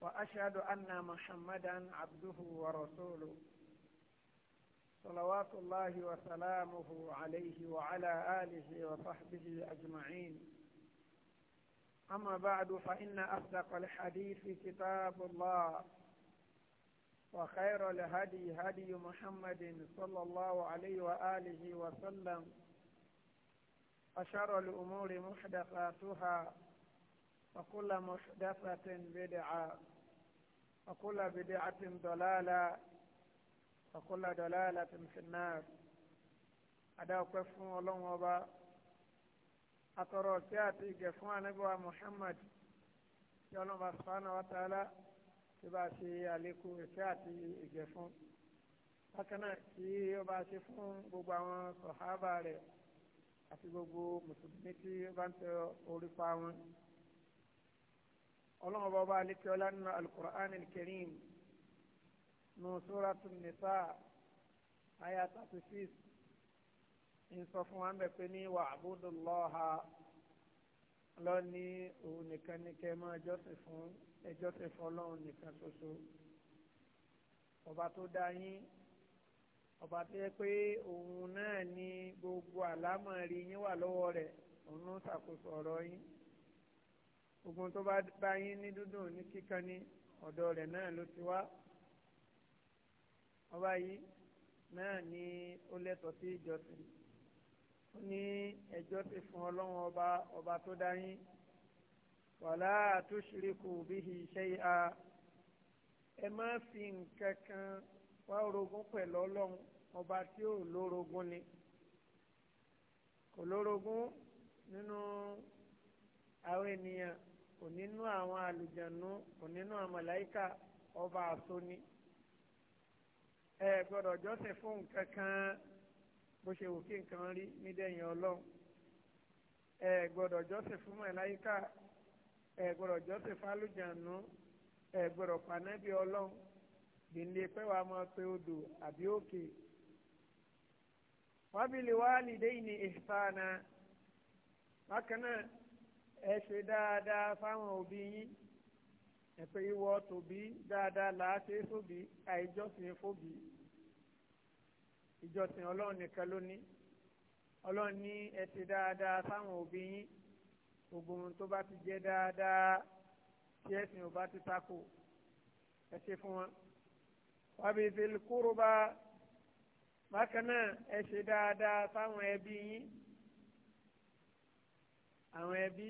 وأشهد أن محمدا عبده ورسوله صلوات الله وسلامه عليه وعلى آله وصحبه أجمعين أما بعد فإن أصدق الحديث كتاب الله وخير الهدي هدي محمد صلى الله عليه وآله وسلم أشر الأمور محدثاتها وكل محدثة بدعة وكل بدعة ضلالة وكل ضلالة في النار هذا كفون الله وبا أترى كاتي كفون نبوى محمد يقول الله سبحانه وتعالى تباسي عليكم كاتي كفون bákanáà kí يباسي فون ṣe fún gbogbo àwọn sọ̀hábà rẹ̀ àti gbogbo ọlọ́run bá bá alẹ́ kíọ́lá nínú alukur'an alkarim nù sóra tún nìsa àyà thirty six ń sọ fún wa bẹ̀ pé ní wà abúdúlọ́ha lọ́ní òun nìkan ní kẹ́ máa jọ́sìn fún ẹjọ́sìn fún ọlọ́run nìkan ṣoṣo ọba tó dá yín ọba tó yẹ pé òun náà ní gbogbo àlámọ̀rí yín wà lọ́wọ́ rẹ̀ òun ló ń ṣàkóso ọ̀rọ̀ yín ogun tó bá bá yín ní dúdùn ní kíkan ní ọ̀dọ̀ rẹ̀ náà ló ti wá ọba yìí náà ni ó lẹ́tọ̀ọ́ sí ìjọsìn ó ní ẹjọ́ ti fún ọlọ́run ọba ọba tó dá yín wàlá àtúnṣiríkù bíhi ṣẹ́yà ẹ má fi nǹkan kan wá orogún pẹ̀lú ọlọ́run ọba tí ò lórogún ni kò lórogún nínú àwọn ènìyàn kò nínú àwọn àlùjànnú kò nínú àwọn màláíkà ọba àsóní ẹ gbọ́dọ̀ jọ́sìn fún nǹkan kan bó ṣe wù kí nǹkan rí nídẹ̀yìn ọlọ́run ẹ gbọ́dọ̀ jọ́sìn fún màláíkà ẹ gbọ́dọ̀ jọ́sìn fún àlùjànnú ẹ gbọ́dọ̀ pànẹ́bí ọlọ́run gbìndé pé wàá máa pe odò àbí òkè wábìlì wàá lìdẹ́yìn ní ìfàànà bákan náà ẹ ṣe dáadáa fáwọn òbí yín ẹ pé ìwọ tòbí dáadáa làá ṣe fòbí àìjọsìn fòbí ìjọsìn ọlọ́run nìkan ló ní ọlọ́run ní ẹ ṣe dáadáa fáwọn òbí yín gbogbo ohun tó bá ti jẹ́ dáadáa tí ẹ̀sìn ò bá ti takò ẹ ṣe fún wọn. wàbí ìfẹ̀lùkúrò bá bákan náà ẹ ṣe dáadáa fáwọn ẹbí yín àwọn ẹbí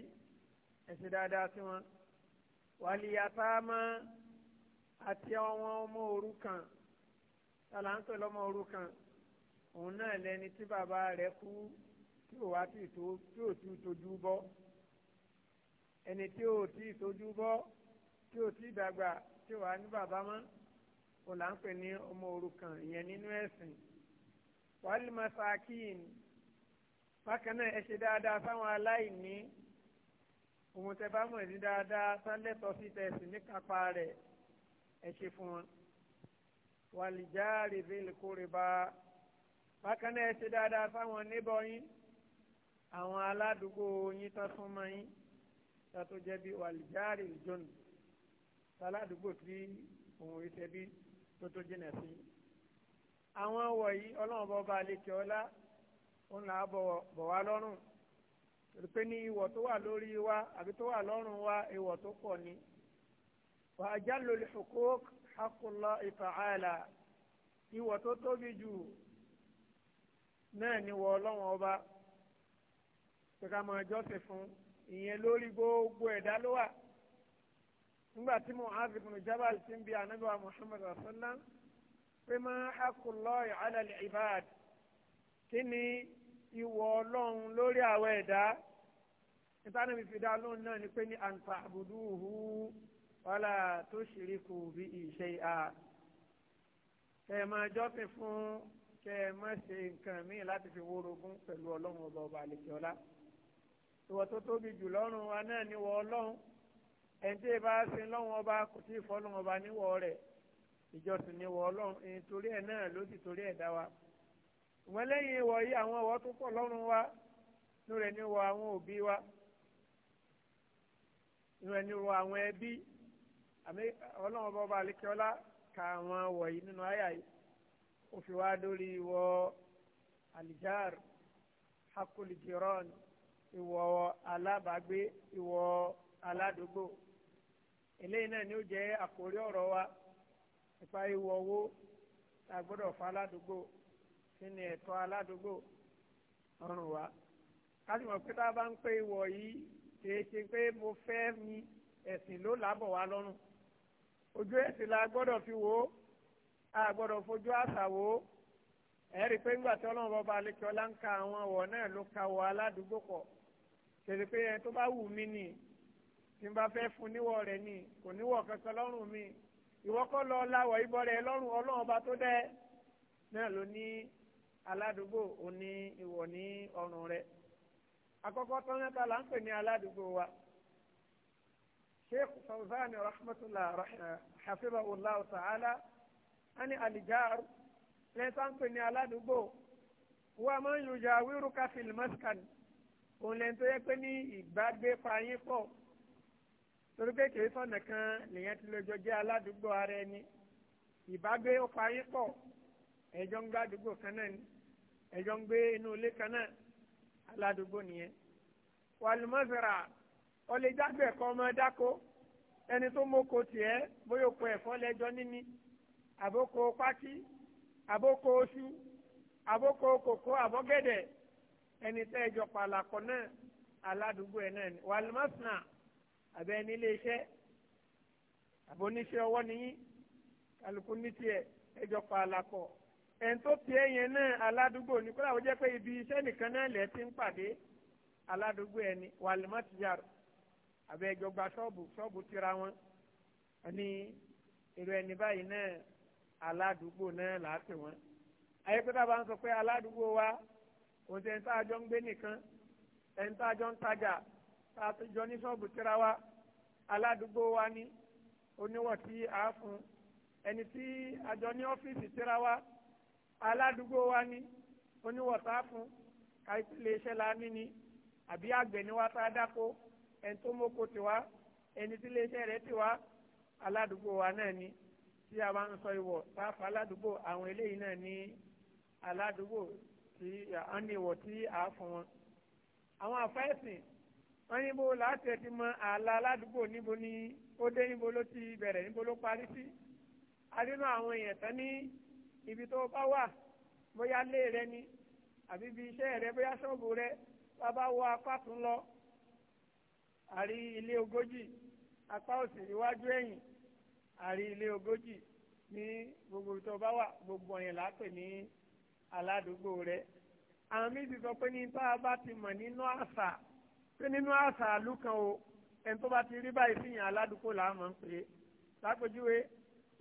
ẹ ṣe dáadáa sí wọn wàlíyàtàmá àti àwọn ọmọ òrukàn tàlàǹtò lọmọ òrukàn òun náà lẹni tí bàbá rẹ̀ kú tí ò wá tí ò tí tójú bọ́ ẹni tí ò tí tójú bọ́ tí ò tí dàgbà tí ò wá ní bàbá mọ́ òun là ń pè ní ọmọ òrukàn ìyẹn nínú ẹ̀sìn wàlímọ̀sákìn bákan náà ẹ dáadáa sáwọn aláìní òun tẹ bá mọ̀ ní dáadáa sálẹ̀tọ̀ sí tẹ̀sí níkapá rẹ̀ ẹ ṣe fún wọn. wàlìjáàrè bíi kórìbá bákan náà ẹ ṣe dáadáa sáwọn níbọ̀ yín àwọn aládùúgbò yín tó súnmọ́ yín tó jẹ́ bí wàlìjáàrè jọ̀nù sáládùúgbò tí òun ìṣẹ́ bí tó tó jìnà sí. àwọn wọ̀nyí ọlọ́run bọ́ bá a lè kí ọlá òun là á bọ̀ wá lọ́rùn torí pé ní ìwọ̀ tó wà lórí wa àbí tó wà lọ́rùn wa ìwọ̀ tó pọ̀ ni. wa ajallul huquq haqqullahi ta'ala ìwọ̀ tó tóbi jù náà ni wọ ọlọ́run ọba pé ká máa jọ́sìn fún ìyẹn lórí gbogbo ẹ̀dá ló wà nígbà tí Mu'adh ibn Jabal ti ń bi Ànábì wa Muhammad pé ma haqqullahi ala al kí ni ìwọ ọlọ́run lórí àwọn ẹ̀dá ìtànàbí fìdá lóhùn náà ni pé ní àǹtà àbùdúhù wàhálà tó ṣeré kò bí ìṣe à kẹ máa jọ́sìn fún kẹ má ṣe nǹkan míì láti fi wórogún pẹ̀lú ọlọ́run ọba ọba àlejòọlá ìwọ tó tóbi jù lọ́rùn wa náà ni wọ ọlọ́run ẹ̀ǹtẹ́ bá sin lọ́run ọba kò tí ì fọ́ lọ́run ọba níwọ̀ rẹ̀ ìjọsìn ni wọ ọlọ́run èyí torí ẹ̀ náà ló sì torí ẹ̀ dá wa ṣùgbọ́n lẹ́yìn ìwọ̀ yìí àwọn ọ̀wọ́ tó pọ̀ lọ́rùn wa inú rẹ̀ ní wọ àwọn òbí wa inú rẹ̀ ní wọ àwọn ẹbí àmì ọlọ́run bọba àlekẹ́ọ́lá ka àwọn wọ̀nyí nínú àyà yìí ó fi wá dórí ìwọ alijar hakulijiron ìwọ alábàágbé ìwọ aládùúgbò eléyìí náà ni ó jẹ́ àkórí ọ̀rọ̀ wa nípa ìwọ owó tá a gbọ́dọ̀ fa aládùúgbò kí ni ẹ̀tọ́ aládùúgbò ọrùn wa ká sì mọ̀ pé tá a bá ń pé ìwọ̀ yìí kìí ṣe pé mo fẹ́ mi ẹ̀sìn ló lábọ̀ wá lọ́rùn ojú ẹ̀sìn la gbọ́dọ̀ fi wò ó a gbọ́dọ̀ fojú àṣà wò ó ẹ̀rí pé ńgbà tí ọlọ́run bọba alẹ́kíọ́lá ń ka àwọn ọ̀wọ̀ náà ló ka wọ aládùúgbò pọ̀ kèrè pé ẹni tó bá wù mí nì tí n bá fẹ́ fún níwọ̀ rẹ̀ nì kò níwọ̀ kankan lọ́rùn mi ìwọ kọ́ lọ láwọ̀ ìbọ̀rẹ̀ lọ́rùn ọlọ́run ọba tó dẹ́ náà ló ní aládùúgbò òní ìwọ̀ ní ọrùn rẹ̀ àkọ́kọ́ tán mẹ́ta là ń pè ní aládùúgbò wa sheikh fawzan rahmatulah hafizahullah ta'ala ani alijar lẹ́sà ń pè ní aládùúgbò wa máa ń yùjà wíruka fil maskan òun lẹ́yìn tó yẹ pé ní ìgbàgbé fààyè pọ̀ torí pé kìí sọ̀nà kan lèyàn ti lójó jẹ́ aládùúgbò ara ẹni ìbágbé ó pọ̀ ẹ̀jọ̀ ń gbàdúgbò kan náà ni ẹjọ́ ń gbé inú ilé kan náà aládùúgbò nìyẹn wàlúmọ́sẹ̀rà ọlẹ́jàgbẹ̀ kọ́ ọmọ dáko ẹni tó mọ́kò tiẹ̀ bóyá òkú ẹ̀fọ́ lẹ́jọ́ níní àbókò pátí àbókò oṣù àbókò kòkó àbọ́gẹ́dẹ̀ ẹni tẹ́ ẹjọ́ pàlàkọ́ náà aládùúgbò ẹ̀ náà ni àbẹ́ ẹni ilé iṣẹ́ àbóníṣẹ́ ọwọ́ nìyí kálukú ní tiẹ̀ ẹjọ́ pàlàkọ́ ẹni tó fi ẹyẹn náà aládùúgbò ní kódà ó jẹ́ pé ibi iṣẹ́ nìkan náà lẹ́ẹ̀ ti ń pàdé aládùúgbò ẹni wàlímọ́ ti yàrá àbẹ ẹjọ gba ṣọ́ọ̀bù ṣọ́ọ̀bù tira wọn ní èrò ẹni báyìí náà aládùúgbò náà láti wọn. ayé pé tábà ń sọ pé aládùúgbò wa kò sí ẹni tá a jọ ń gbé nìkan ẹni tá a jọ ń tajà tá a jọ ní ṣọ́ọ̀bù tira wa aládùúgbò wa ní oníwọ̀ tí a fún ẹni tí a jọ ní ọ́fíìsì tira wa aládùúgbò wa ni oníwọ̀sáàfù káìpìlẹ̀ iṣẹ́ la ní ni àbí àgbẹ̀ ni wá tá a dáko ẹni tó mọ́kò tiwa ẹni tí iléeṣẹ́ rẹ̀ tiwa aládùúgbò wa náà ni tí a bá ń sọ ìwọ̀ sáàfù aládùúgbò àwọn eléyìí náà ní aládùúgbò tí a ní ìwọ̀ tí a fún wọn. àwọn àfẹ́sìn wọ́n níbo láti ẹ̀ mọ ààlà aládùúgbò níbo ni ó dé níbo ló ti bẹ̀rẹ̀ níbo ló parí sí. a àwọn èèyàn tán ní ibi tó bá wà bóyá lé rẹ ni àbí ibi iṣẹ́ rẹ bóyá ṣọ́ọ̀bù rẹ bàbá wọ apá tún lọ àrí ilé ogójì apá òsì iwájú ẹ̀yìn àrí ilé ogójì ní gbogbo tó bá wà gbogbo ọ̀yàn lápè ní aládùúgbò rẹ àwọn méjì sọ pé ní tá a bá ti mọ̀ nínú àṣà pé nínú àṣà àlùkàn o ẹni tó bá ti rí báyìí fìyàn aládùúgbò làá mọ̀ ń pè é lápèjúwe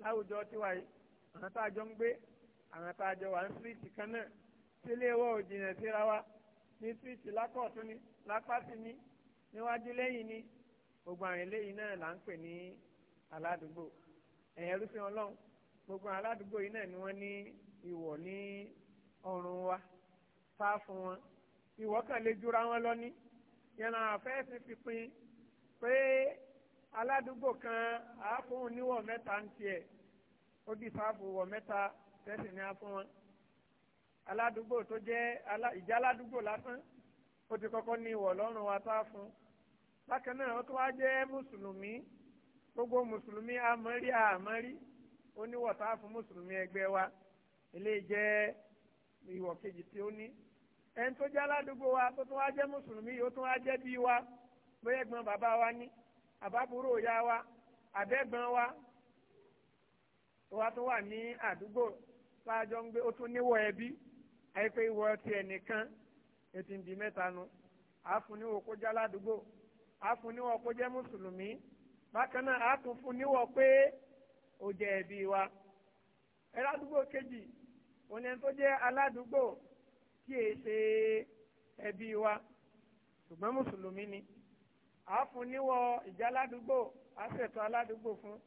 láwùjọ tiwa yìí àwọn tá a jọ ń gbé àwọn àtàjọ wà ń síríìtì kan náà sílé wọ́ ò síra wa ní síríìtì lákọ̀tún ni lápásí ni níwájú lẹ́yìn ni gbogbo àwọn eléyìí náà là ń pè ní aládùúgbò ẹ̀yẹ rúfin ọlọ́run gbogbo àwọn aládùúgbò yìí náà ni wọ́n ní ìwọ̀ ní ọrùn wa fá fún wọn ìwọ̀ kan lè jura wọn lọ ní yẹn àwọn afẹ́sìn fi pín pé aládùúgbò kan àáfóhùn níwọ̀ mẹ́ta ń tiẹ̀ ó di fáfù wọ̀ mẹ́ta tẹ́sí ni a fún wọn aládùúgbò tó jẹ́ ìjà aládùúgbò lásán ó ti kọ́kọ́ ní ìwọ̀ lọ́rùn wa tá a fún bákan náà ó tún wá jẹ́ mùsùlùmí gbogbo mùsùlùmí àmọ́rí àmọ́rí ó ní ìwọ̀ tá a fún mùsùlùmí ẹgbẹ́ wa eléyìí jẹ́ ìwọ̀ kejì tí ó ní ẹni tó jẹ́ aládùúgbò wa tó tún wá jẹ́ mùsùlùmí ó tún wá jẹ́ bí wa bóyá ẹ̀gbọ́n bàbá wa ní àbábúrò ìyá wa àbẹ́gbọ́n wa tó wá tó wà ní àdúgbò sáájọ́ ń gbé ó tún níwọ̀ ẹbí àyípé ìwọ ti ẹnìkan ètò ìdí mẹ́ta nu àfúníwò kó já ládùúgbò àfúníwò kó jẹ́ mùsùlùmí bákan náà àtúnfúníwò pé ó jẹ́ ẹbí wa ẹ̀rọ kejì òní ẹni tó jẹ́ aládùúgbò tí è ṣe ẹbí wa ṣùgbọ́n mùsùlùmí ni àfúníwò ìjà aládùúgbò àṣetò aládùúgbò fún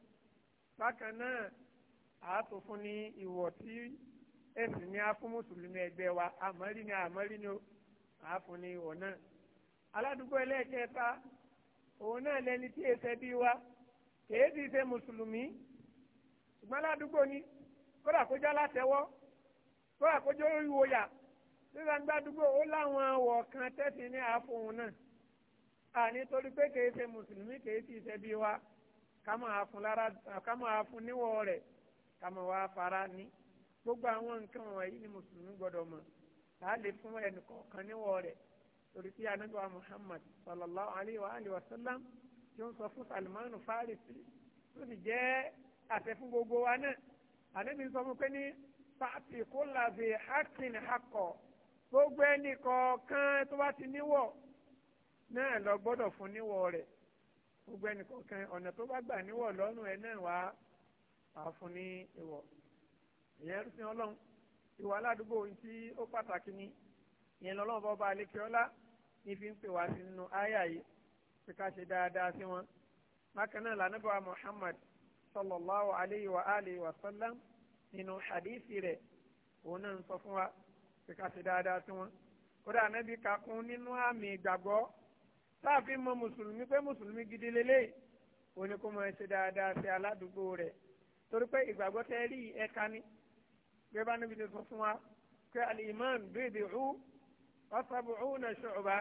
bákan náà àátò fún ní ìwọ tí ẹsìn ní a fún mùsùlùmí ẹgbẹ́ wa àmọ́rí ni àmọ́rí ni ó àáfún ní ìwọ náà aládùúgbò ẹlẹ́ẹ̀kẹta òun náà lẹni tí èsẹ bí wa kèé ti ṣe mùsùlùmí ṣùgbọ́n aládùúgbò ni kódà kó já látẹ̀wọ́ kódà kó jó ìwòyà nígbà gbàdúgbò ó láwọn ọ̀wọ̀ kan tẹ́sí ní àáfóun náà àní torí pé kèé ṣe mùsùlùmí kèé ti ṣe bí wa ká máa fún níwọ̀ rẹ̀ kàmọ́ wá fara ní gbogbo àwọn nǹkan wọ̀nyí ni mùsùlùmí gbọ́dọ̀ mọ̀ láà lè fún ẹnì kọ̀ọ̀kan níwọ̀ rẹ̀ torí tí anábíwá Muhammad sallallahu alayhi wa alayhi wa sallam tí ó ń sọ fún Salmanu Farisi tó sì jẹ́ àṣẹ fún gbogbo wa náà ànábi sọ fún pé ní fàtì kó làbí hakin hakọ gbogbo ẹnì kọ̀ọ̀kan tó bá ti níwọ̀ náà lọ gbọ́dọ̀ fún níwọ̀ rẹ̀ gbogbo ẹnì kọ̀ọ̀kan ọ̀nà tó bá gbà níwọ̀ lọ́rùn ẹ̀ náà wàá àfun ní ìwọ̀ ìyẹn ń sin ọlọ́run ìwà aládùúgbò tí ó pàtàkì ni ìyẹn lọ́lọ́run bá ọba àlekè ọlá ní fi ń pè wá sí nínú àyà yìí pé ká ṣe dáadáa sí wọn bákan náà lànàbà Muhammad sallallahu alayhi wa alihi wa sallam nínú hadithi rẹ̀ òun náà ń sọ fún wa pé ká ṣe dáadáa sí wọn kódà anábì kakún nínú àmì ìgbàgbọ́ sáàfin mọ mùsùlùmí pé mùsùlùmí gidi lélẹ́yìí ó ní kó máa ṣe dáadáa sí aládùúgbò rẹ̀ torí pé ìgbàgbọ́ tẹ́ rí ẹ̀ka ni gbé bá níbi tí sọ fún wa pé al-iman bid'u wa sab'una shu'ba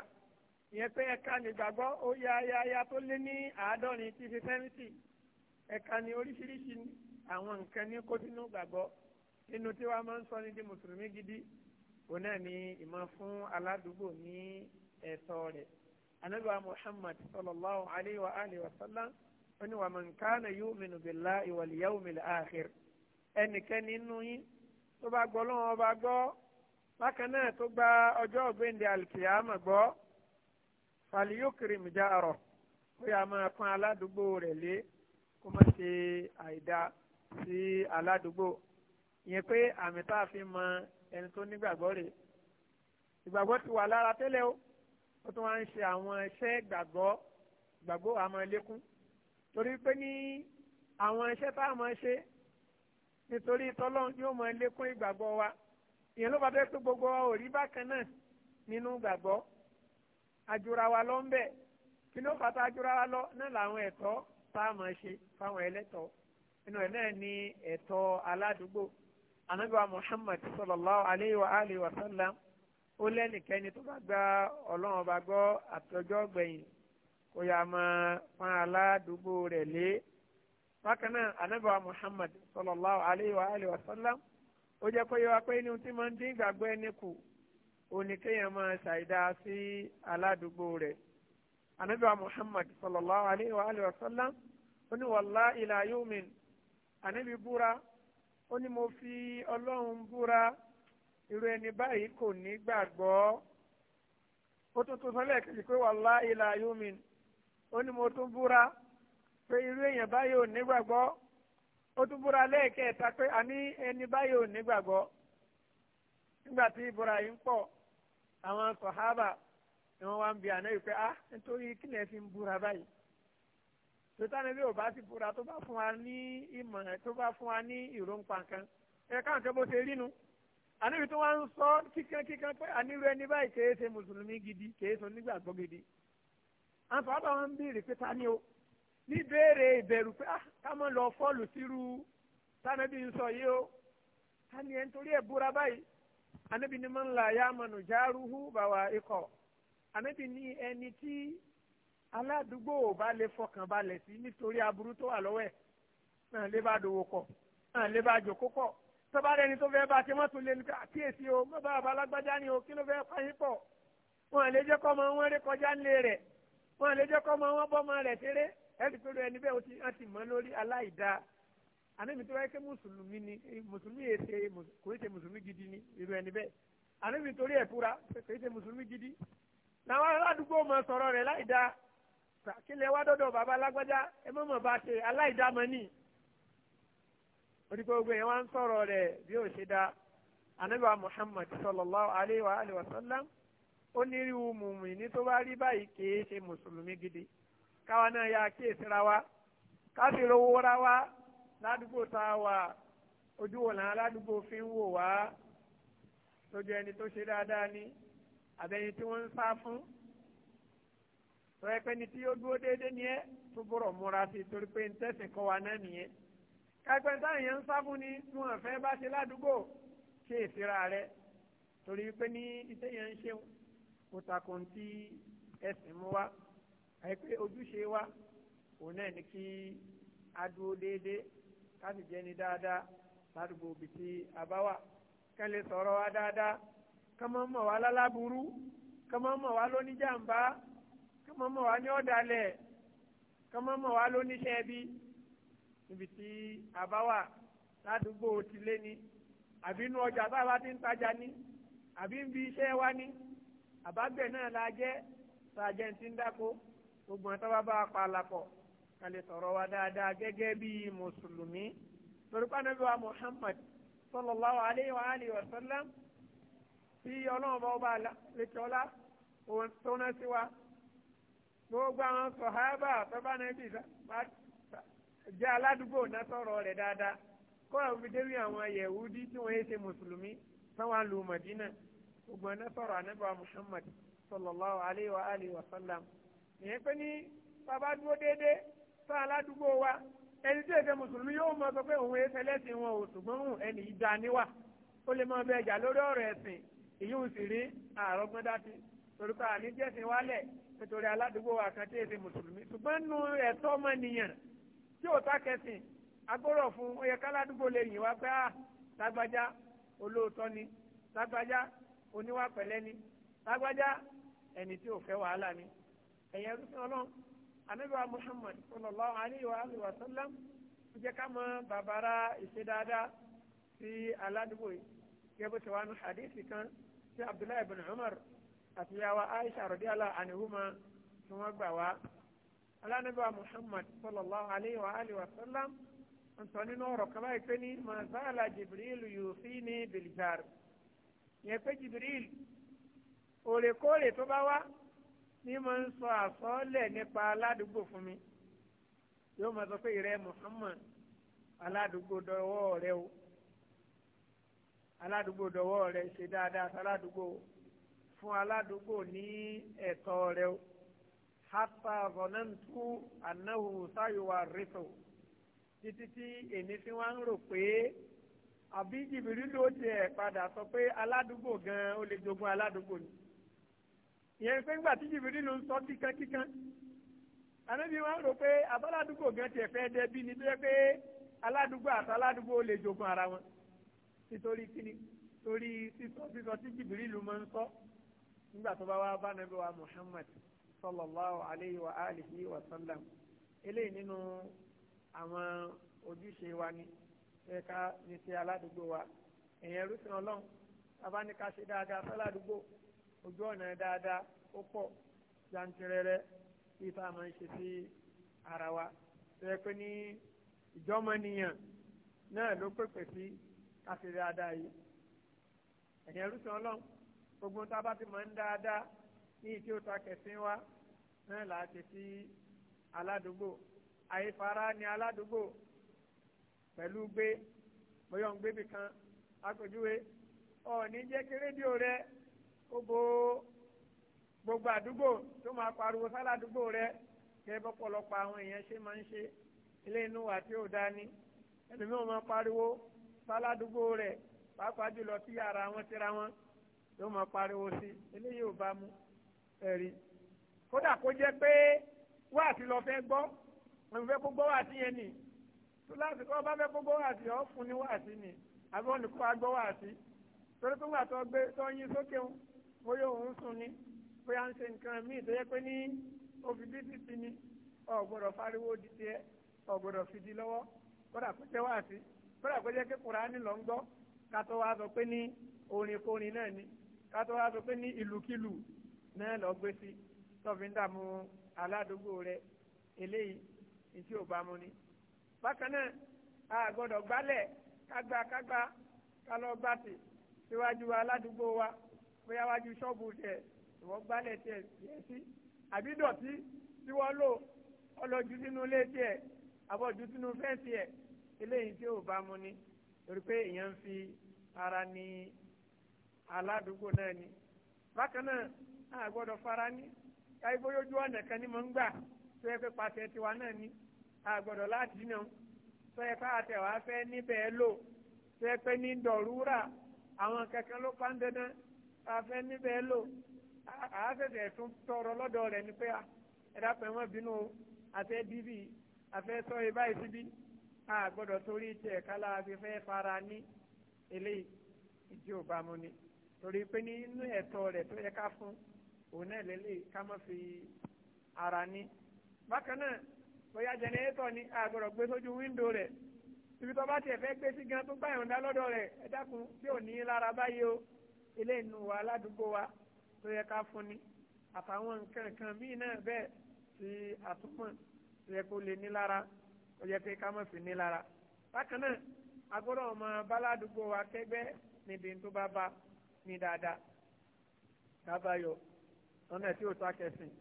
ìyẹn pé ẹ̀ka ni ìgbàgbọ́ ó ya ya ya tó lé ní àádọ́rin tí fi sẹ́ńtì ẹ̀ka ni oríṣiríṣi àwọn nǹkan ní kó sínú gbàgbọ́ nínú tí wàá máa ń sọ ní di mùsùlùmí gidi òun náà ni ìmọ̀ fún aládùúgbò ní ẹ̀tọ́ rẹ̀ anábìá Muhammad sallallahu alayhi wa alihi wa sallam ó ní wa man kana yu'minu billahi wal yawmil akhir ẹnikẹ́ni nínú yín tó bá gbọ́ lọ́wọ́ bá gbọ́ bákan náà tó gba ọjọ́ ògbéǹde alkiyama gbọ́ falyukrim jaro ó yà máa pọ́n aládùúgbò rẹ̀ lé kó má ṣe àìdá sí aládùúgbò ìyẹn pé àmì tá a fi mọ ẹni tó nígbàgbọ́ rẹ̀ ìgbàgbọ́ ti wà lára tẹ́lẹ̀ o ó tún wá ń ṣe àwọn iṣẹ́ ìgbàgbọ́ ìgbàgbọ́ àmọ́ ẹlẹ́kùn torí pé ní àwọn iṣẹ́ tá a máa ṣe nítorí tọ́lọ́n yóò máa lékún ìgbàgbọ́ wa ìyẹn ló bá fẹ́ pé gbogbo wa ò rí bákan náà nínú ìgbàgbọ́ àjùra wa lọ ń bẹ̀ kí ló fà tá wa lọ náà làwọn ẹ̀tọ́ tá a máa ṣe fáwọn ẹlẹ́tọ́ inú ẹ̀ náà ni ẹ̀tọ́ aládùúgbò ànábì wa Muhammad sallallahu alayhi wa alihi wa sallam ó lẹ́nìkẹ́ni tó bá gba ọlọ́run ọba gbọ́ àtọ́jọ́ gbẹ̀yìn kó yà máa pọn aládùúgbò rẹ̀ lé bákan náà anábàá Muhammad sallallahu alayhi wa alayhi wa sallam ó jẹ́ kó yẹ wá pé inú tí máa ń dín ìgbàgbọ́ ẹni kù òní kéèyàn máa ṣàìdá sí aládùúgbò rẹ̀ anábàá Muhammad sallallahu alayhi wa alayhi wa sallam ó ní wallahi la yu'min anábì búra ó ní mo fi ọlọ́run búra irú ẹni báyìí kò ní gbàgbọ́ ó tún tún sọ lẹ́ẹ̀kejì pé wallahi la yu'min. ó ní mo tún búra pé irú èèyàn báyìí ò nígbàgbọ́ ó tún búra lẹ́ẹ̀kẹta pé a ní ẹni báyìí ò nígbàgbọ́ nígbà tí ìbúra yìí pọ̀ àwọn sọ̀hábà ni wọ́n wá ń bi àná yìí pé ah nítorí kí lè fi ń búra báyìí sọtánì bí ò bá ti búra tó bá fún wa ní ìmọ̀ tó bá fún wa ní kan ẹ káwọn bó ṣe rí nu àníbi tó wá ń sọ pé ẹni báyìí kèé ṣe mùsùlùmí gidi kèé gidi àwọn sábà wọn ń béèrè pé ni o ní béèrè ìbẹ̀rù pé ah ká mọ̀ lọ fọ́ọ̀lù sírú tánàbí ń sọ yìí o ta ni ẹ̀ torí ẹ̀ búra báyìí anabi ni man la yamanu jaruhu bawa ikọ anabi ni ẹni tí aládùúgbò ò bá lè fọkàn balẹ̀ sí nítorí aburú tó wà lọ́wọ́ ẹ̀ náà lè bá dòwò kọ̀ náà lè bá jòkó kọ̀ tọ́ba rẹ̀ ni tó fẹ́ bá ti wọ́n tún lè ní àkíyèsí o bàbá alágbájá ni o kí ló fẹ́ fáyín pọ̀ wọn lè kọ́ ọmọ wọn ré ńlẹ̀ rẹ̀ wọn lè jẹ́ kọ́ ọmọ wọn bọ́ ọmọ rẹ̀ ṣeré ẹ̀sìn pẹ̀lú ẹni bẹ́ẹ̀ wọ́n ti mọ́ lórí aláìda ànábì tó wáyé mùsùlùmí ni mùsùlùmí kò mùsùlùmí gidi ni irú ẹni bẹ́ẹ̀ ànábì torí ẹ̀ fura kò ṣe mùsùlùmí gidi làwọn aládùúgbò mọ sọ̀rọ̀ rẹ̀ láìda kílẹ̀ wá dọ́dọ̀ bàbá alágbájá ẹ mọ̀ mọ̀ bá ṣe aláìda Muhammad sallallahu alayhi wa onírúurú mùmìnì tó bá rí báyìí kìí ṣe mùsùlùmí gidi káwa náà yà kíyèsí ra wa káfí lówó ra wa ládùúgbò tá a wà ojú wò náà ládùúgbò fi ń wò wá lójú ẹni tó ṣe dáadáa ni àbẹ̀yìn tí wọ́n ń sá fún tọ́yẹ pé ní tí ó dúró déédéé ni ẹ́ tó gbọ́dọ̀ múra sí i torí pé ń tẹ̀sìn kọ́ wa náà nìyẹn kápẹ́ táwọn èèyàn ń sá fún ni tí wọ́n fẹ́ bá ṣe ládùúgbò ṣe ìsira rẹ torí pé ní iṣẹ́ yẹn ń ṣeun kó takò tí ẹ̀sìn mú wa àìpé ojúṣe wa òun náà ni kí a dúró déédéé ká sì jẹ́ni dáadáa ládùúgbò òbí tí a bá wà ká lè sọ̀rọ̀ wa dáadáa ká má mọ̀ wá lálábùrú ká má mọ̀ wá lóníjàmbá ká má mọ̀ wá ní ọ̀dàlẹ̀ ká má mọ̀ wá lóníṣẹ́ bí níbi tí a bá wà ládùúgbò tilé ni àbí inú ọjà bá wa ti ń tajà ni àbí ń bi iṣẹ́ wa ni àbágbẹ̀ náà la jẹ́ sàjẹ́ ti ń dáko gbogbo ẹ̀ tọ́ba bá a pa àlàpọ̀ ká lè sọ̀rọ̀ wa dáadáa gẹ́gẹ́ bí mùsùlùmí torí pa nàbí wa Muhammad sallallahu alayhi wa alihi wa sallam tí ọlọ́run bá ọba lẹ́tọ́lá tó ná sí wa gbogbo àwọn sọ̀hábà tọ́ba nàbí jẹ́ aládùúgbò náà sọ̀rọ̀ rẹ̀ dáadáa kó àwọn fi débi àwọn Yẹ̀wúdí tí wọ́n yé ṣe mùsùlùmí táwọn lu Mọ̀dínà gbogbo ẹni sọ̀rọ̀ anábà Muhammad sallallahu alayhi wa alihi wa sallam ìyẹn pé ní bàbá dúró déédé sọ aládùúgbò wa ẹni tí èdè mùsùlùmí yóò mọ sọ pé òun ẹsẹ lẹ́sìn wọn ò ṣùgbọ́n òun ẹni ìdá níwà ó lè máa bẹ ẹjà lórí ọ̀rọ̀ ẹ̀sìn èyí sì rí àrọ́gbọ́n dátì torí pé àní jẹ́sìn wálẹ̀ nítorí aládùúgbò wa kan tí èdè mùsùlùmí ṣùgbọ́n nu ẹ̀tọ́ ọmọnìyàn tí ò tákẹ́sìn agbọ́rọ̀ fún ó yẹ káládùúgbò lè yìn wá pé ah lágbájá olóòótọ́ ni lágbájá oníwà pẹ̀lẹ́ ni lágbájá ẹni tí ò fẹ́ wàhálà ni ẹ̀yẹ rúfin ọlọ́run anábíwá Muhammad sallallahu alayhi wa alihi wa sallam ó jẹ́ ká mọ bàbára ìṣe dáadáa sí aládùúgbò yìí gẹ́gẹ́ bó ṣe wà ní hadithi kan tí Abdullahi ibn Umar àti yàwá Aisha radiyallahu anhuma tí wọ́n gbà wá alánàbíwá Muhammad sallallahu alayhi wa sallam ń ọ̀rọ̀ kan báyìí ní mazala Jibril yufini biljar yẹn pé Jibril òrèkóòrè tó bá wá ní mo ń sọ àsọọ́lẹ̀ nípa aládùúgbò fún mi yóò máa sọ pé ìrẹ́ Muhammad aládùúgbò dọwọ́ rẹ o aládùúgbò dọwọ́ rẹ ṣe dáadáa aládùúgbò fún aládùúgbò ní ẹ̀tọ́ rẹ o hata zonantu anahu sayuwa rito títí tí èmi fi wá ń rò pé àbí jìbìrì ló tiẹ̀ padà sọ pé aládùúgbò gan ó lè jogún aládùúgbò ni ìyẹn pé ńgbà tí jìbìrì ló ń sọ kíkankíkan anábì wọn rò pé abáládùúgbò gan tiẹ̀ fẹ́ dẹbi ni bẹ́ẹ̀ pé aládùúgbò àti aládùúgbò ó lè jogún ara wọn nítorí kíni torí sísọ sísọ tí jìbìrì ló máa ń sọ nígbà tó bá wá bá nàbí wa Muhammad sallallahu alayhi wa alihi wa sallam eléyìí nínú àwọn ojúṣe wa ni ẹ̀ka ní ti aládùúgbò wa ẹ̀yẹn rúfin ọlọ́run bàbá ní ká ṣe dáadáa fẹ́ládùúgbò ojú ọ̀nà dáadáa ó pọ̀ jantirẹrẹ bíi tá a máa ń ṣe sí ara wa tẹ́ pé ní ìjọ́mọ́nìyàn náà ló pèpè sí ká ṣe dáadáa yìí ẹ̀yẹn rúfin ọlọ́run gbogbo tá a bá ti máa ń dáadáa ní ìtí ó ta wa náà là ṣe sí aládùúgbò àyèfara ni aládùúgbò pẹ̀lú gbé bóyá ń gbé bì kan akójúwe ọ̀ọ́ni jẹ́ kí rédíò rẹ kó bo gbogbo àdúgbò tó máa pariwo sálà àdúgbò rẹ kẹ́ bọ́pọ̀lọpọ̀ àwọn èèyàn ṣe máa ń ṣe ilé inú wa tí ò dání ẹlòmíràn máa pariwo sálà àdúgbò rẹ pàápàá jùlọ tí yàrá wọn tira wọn tó máa pariwo sí eléyìí ò bá mu ẹ̀rí kódà kó jẹ́ pé wáàsí lọ fẹ́ gbọ́ wọn fẹ́ kó gbọ́ wáàsí yẹn nìyí túláàsì kọ́ bá fẹ́ gbogbo wáàsí ọ̀ fún ní wáàsí ni àbí wọn nìkú agbọ́ wáàsí torí pé wà tó gbé tó yín sókè ń bóyá òun sùn ni bóyá ń ṣe nǹkan míì tó yẹ pé ní òfìdí ti ni ọ̀ gbọ́dọ̀ fariwo di tiẹ̀ ọ̀ gbọ́dọ̀ fìdí lọ́wọ́ kódà kó jẹ́ wáàsí kódà kó jẹ́ pé kùránì lọ ń gbọ́ ká wá sọ pé ní orin kórin náà ni ká wá sọ pé ní ìlúkílù náà lọ gbé sí tọ́fi aládùúgbò rẹ eléyìí ìtí ò ni bákan náà a gbọ́dọ̀ gbálẹ̀ kágbá kágbá kálọ bàtì síwájú aládùúgbò wa bóyá wájú ṣọ́ọ̀bù tẹ̀ ìwọ́n gbálẹ̀ tiẹ̀ tiẹ̀ sí àbí dọ̀tí tí wọ́n lò ọlọ́jú sínú ilé tiẹ̀ abọ́jú sínú fẹ́ǹsì ẹ̀ eléyìí tí ò bá mu ni torí pé èèyàn ń fi ara ní aládùúgbò náà ni bákan náà a fara ní káyí bóyá ojú ọ̀nà kan ni mo ń gbà tó yẹ pé pàṣẹ tiwa náà ni àgbọ̀dọ̀ láti nà sọ́yẹ káàtẹ̀ wá fẹ́ níbẹ̀ lò sọ́yẹ pé ní dọ̀rúrà àwọn kankan ló pa ń dandan tá a fẹ́ níbẹ̀ lò àásẹ̀sẹ̀ tún tọrọ lọ́dọ̀ rẹ̀ ni pé ẹ̀dá pẹ̀ wọ́n bínú àfẹ́ bíbí àfẹ́ sọ ibà ìsibí àgbọ̀dọ̀ torí tiẹ̀ kálá àfi fẹ́ fara ní eléyìí ìdí òbámu ni torí pé nínú ẹ̀tọ́ rẹ̀ tó yẹ ká fún òun náà lélẹ́yìí ká má fi ara ní bákan náà bóyá jẹnẹrétọ̀ ni àgbọ̀rọ̀ gbé sójú wíńdò rẹ̀ ibi tó bá tiẹ̀ fẹ́ gbé sí gan tó gbà yọ̀ǹda lọ́dọ̀ rẹ̀ ẹ dákun tí ò ní lára báyìí o ilé ìnù wa aládùúgbò wa tó yẹ ká fún ni àtàwọn nǹkan nǹkan míì náà bẹ́ẹ̀ ti àtúmọ̀ tó yẹ kó lè ní lára tó yẹ pé ká má fi ní lára bákan náà agbọ́dọ̀ ọmọ baládùúgbò wa kẹ́gbẹ́ níbi tó bá ba ní dáadáa dábàá yọ ọ̀nà tí ò tó akẹ́sìn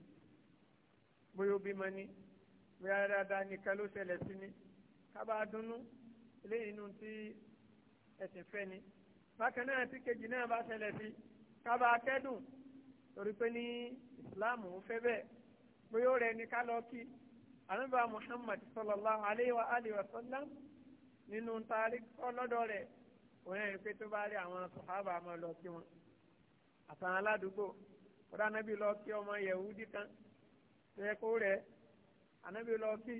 bóyá ó bímọ ní bóyá dáadáa nìkan ló ṣẹlẹ̀ sí ni kábà dunnú eléyìí inú tí ẹ̀sìn fẹ́ ni bákan náà tí kejì náà bá ṣẹlẹ̀ sí kábà kẹ́dùn torí pé ní ìsìláàmù ń fẹ́ bẹ́ẹ̀ bóyá ó ní ká kí ànábà Muhammad sallallahu alayhi wa alihi wa sallam nínú taari ọlọ́dọ̀ rẹ̀ òun ẹ̀rí pé tó bá rí àwọn sàhábà máa lọ kí wọn àtàwọn aládùúgbò kódà nábì lọ kí ọmọ yẹ̀wúdí kan tó yẹ kó rẹ̀ ẹ́ ànábì lọ kí